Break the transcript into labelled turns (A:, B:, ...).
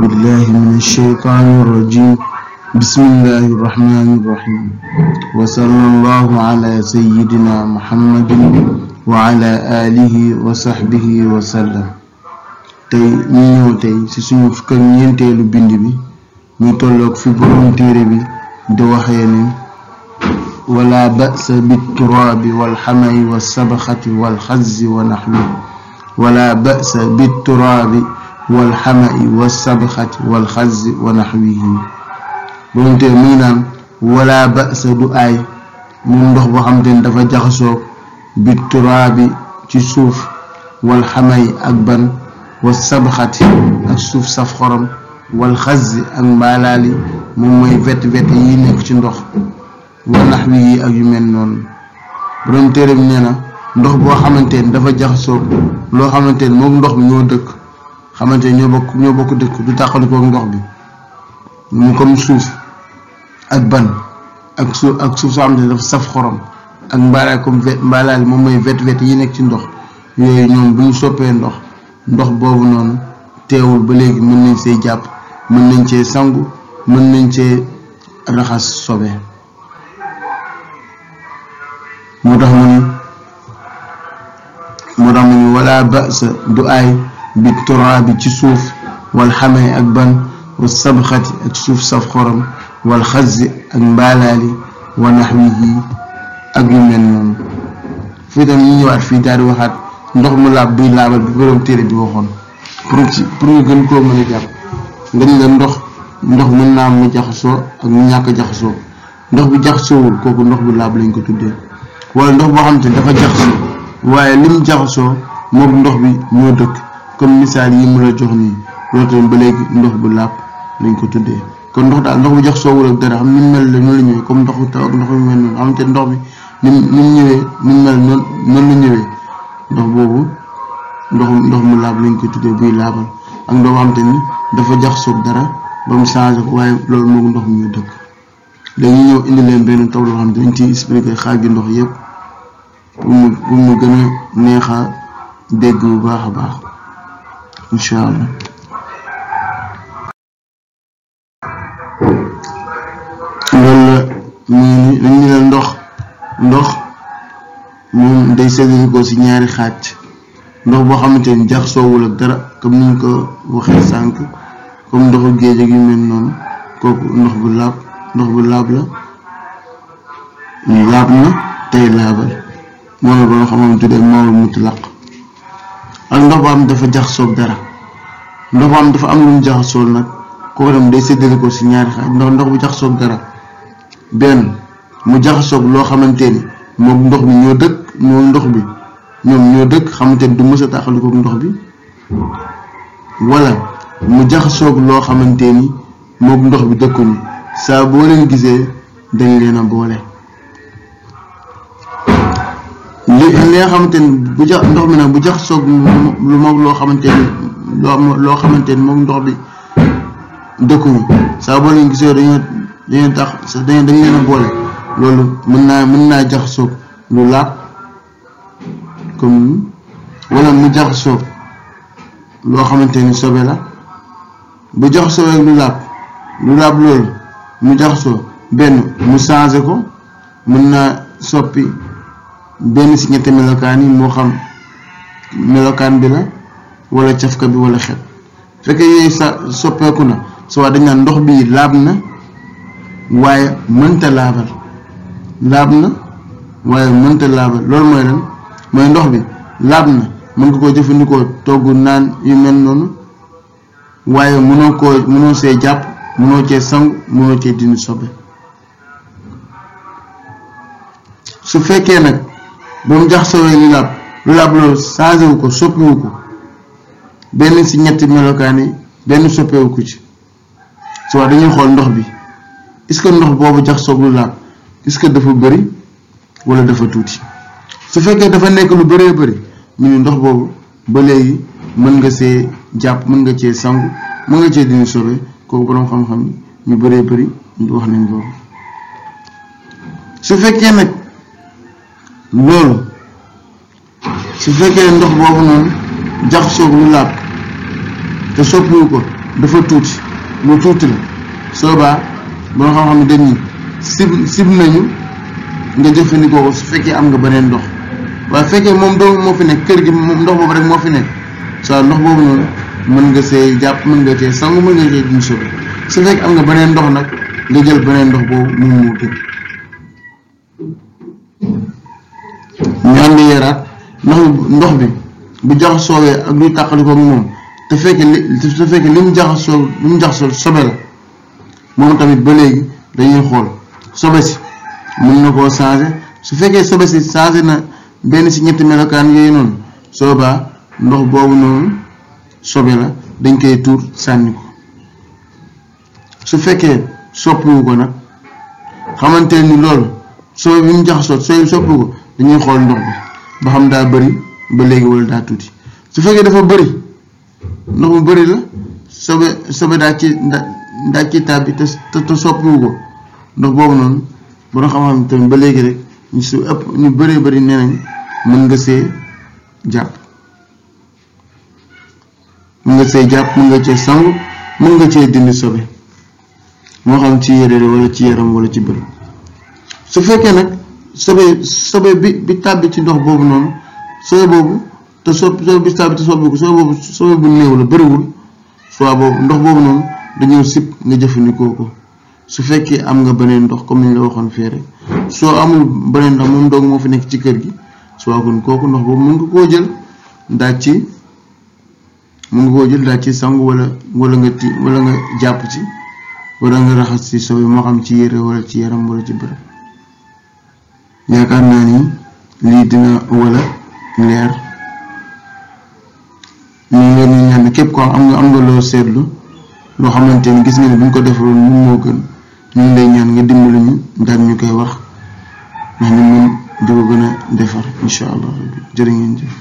A: بالله من الشيطان الرجيم بسم الله الرحمن الرحيم وصلى الله على سيدنا محمد وعلى آله وصحبه وسلم tey ñu ñëw tey ci suñu fukk ak ñeenteelu bind bi ñu tolloog fi boroom téere bi di waxee ne wala ba'sa bitturaabi walxamay walsabaxati walxazzi wa naxwi wala ba'sa bitturaabi walxamai walsabxati walxazzi wa naxwihi borom téere mu ngi naan wala basa du aay moom ndox boo xamante ni dafa jaxasoo bi ci suuf walxamay ak ban wa sabxati ak suuf saf xorom ak mbaalaali moom mooy wet wet ci ndox ak yu mel noonu borom téere bi ndox boo xamante ni dafa jaxasoo loo xamante ni moom ndox bi ñoo dëkk xamante ñoo bokk ñoo bokk dëkk du tàqalikoo ndox bi mu comme suuf ak ban ak suuf ak suuf soo dafa saf xorom ak mbaalaay comme vet moom mooy vet vet yi nekk ci ndox yooyu ñoom bu ñu soppee ndox ndox boobu noonu teewul ba léegi mën nañ see jàpp mën nañ cee sangu mën nañ cee raxas sobe moo tax mu ni moo tax mu ni wala ba sa du aay bi turaabi ci suuf wal xamee ak ban wa sabxati ak suuf saf xorom wal xazi ak mbaalaali wa naxwihi ak yu mel noonu fii tam ñu ñëwaat fii daal waxaat ndox mu laab buy laabal bi borom téere bi waxoon pour ci gën koo mën a jàpp dañ la ndox ndox mën naa mu jaxasoo ak mu ñàkk jaxasoo ndox bi jaxasoowul kooku ndox bu laab lañ ko tuddee wala ndox boo xam te dafa jaxasoo waaye lim jaxasoo moom ndox bi ñoo dëkk comme misaal yi mu la jox nii loolu tamit ba léegi ndox bu làpp lañ ko tuddee kon ndox daal ndox bu jox soowul ak dara xam ni mu mel la noonu la ñëwee comme ndox taw ak ndox yu mel noonu mu ñëwee ni mu mel noonu noonu la mu laab lañ ko tuddee buy laabal ak ndox xam te dafa jax soog dara ba mu changé ko waaye loolu moom ndox mi dëkk léegi ñëw indi leen benn taw loo xam dañ ciy expliqué xaaju ndox yëpp pour mu pour mu gën a neex dégg bu baax a baax. incha allah. la ñu dañu ne ndox ndox moom day séddale ko ci ñaari xaaj ndox boo xamante ni jaxasoowul ak dara comme ni ñu ko waxee sànq comme ndoxu géej ak yu mel noonu kooku ndox bu laab ndox bu laab la laab na tey laabal moom la ba nga xamante ne moom la mutlaq ak ndobaam dafa jaxasoog dara ndobaam dafa am lu mu jaxasool nag kooku dem day séddale ko ci ñaari xaaj ndox ndox bu jaxasoog dara benn mu jaxasoog loo xamante ni moom ndox bi ñoo dëkk moom ndox bi ñoom ñoo dëkk xamante ni du mës a taaxalikoog ndox bi wala mu jaxasoog loo xamante ni moom ndox bi dëkkuñu saa boo leen gisee dañ leen a boole li nga xamante ni bu jax ndox mi nag bu jax soob lu moom loo xamante ni loo xamante ni moom ndox bi dëkkuñu saa boo leen gisee dañoo dañoo tax dañoo dañ leen a boole loolu mën naa mën naa jax soob lu laab comme wala mu jax soog loo xamante ni sobe la bu jax soobee lu laab lu laab loolu mu jax soog benn mu changé ko mën naa soppi benn ci ñetti melokaan yi moo xam melokaan bi la wala cafka bi wala xet fekkee yooyu sa soppeeku na su waa dañ naan ndox bi laab na waaye mënta laabal laab na waaye mënta laabal loolu mooy lan mooy ndox bi laab na mën nga koo jëfandikoo togg naan yu mel noonu waaye mënoo koo mënoo see jàpp mënoo cee sangu mënoo cee dindi sobe su fekkee nag ba mu jaxasoo li laab lu laab loolu saasewu ko soppiwu ko benn si ñetti melokaan yi benn soppewu ko ci su wax dañuy xool ndox bi est ndox boobu jaxasoo lu laab est-ce que dafa bëri wala dafa tuuti su fekkee dafa nekk lu bëree bari mu ni ndox boobu ba léegi mën nga see jàpp mën nga cee sangu mën nga cee dina sobe kooku boroom xam-xam ñu bëree bëri ñu wax nañ boobu su fekkee nag loolu su fekkee ndox boobu noonu jaxasoog lu laab te soppiwu ko dafa tuuti lu tuuti la soobaa ba nga xam ne dañuy sib sib nañu nga jëfandikoo ko su fekkee am nga beneen ndox waaye fekkee moom doomu moo fi nekk kër gi moom ndox boobu rek moo fi nekk saa ndox boobu noonu mën nga see jàpp mën nga see sangu mën nga see duñ su fekk am nga beneen ndox nag nga jël beneen ndox boobu moom moo gën leeraat ndax ndox bi bu jaxasoowee ak luy tàqalikoo moom te fekke li te fekke li mu jaxasoo li mu jaxasoo sobe la moom tamit ba léegi dañuy xool sobe si mën na koo changer su fekkee sobe si changer na benn si ñetti melokaan yooyu noonu soobaa ndox boobu noonu sobe la dañ koy tuur sànni ko su fekkee soppiwu ko nag xamante ni loolu soo bi mu jaxasoo soo soppiwu ko dañuy xool ndox bi ba xam daa bëri ba léegi wala daa tuuti su fekkee dafa bari ndox mu bari la sobe sobe daa ci daa ci tàbbi te te soppiwu ko ndox boobu noonu bu xam xam tamit ba léegi rek ñu su ëpp ñu bëree bari nee mën nga see jàpp mën nga see jàpp mën nga cee sangu mën nga cee dindi sobe moo xam ci yére wala ci yaram walla ci bëri su fekkee nag sobe sobe bi bi tàbbi ci ndox boobu noonu sobe boobu te so sobe bi tàbbi te sobe boobu sobe bu néew la bëriwul soit boobu ndox boobu noonu dañoo sib nga jëfandikoo ko su fekkee am nga beneen ndox comme ni la waxoon fii soo amul beneen ndox moom doog moo fi nekk ci kër gi soit kooku ndox boobu mën nga koo jël daaj ci mën nga koo jël daaj ci sangu wala wala nga ti wala nga jàpp ci walla nga raxas ci sobe moo xam ci yére wala ci yaram wala ci bërëb. yaakaar naa ni lii dina wala leer mais leer nañ xam képp ko am nga am nga loo seetlu loo xamante ni gis nga ne bu ñu ko defaloon moom moo gën ñu lay ñaan nga dimbali ñu daal ñu koy wax ndax ñu mën di ko gën a defar incha allah jërë ngeen jëf.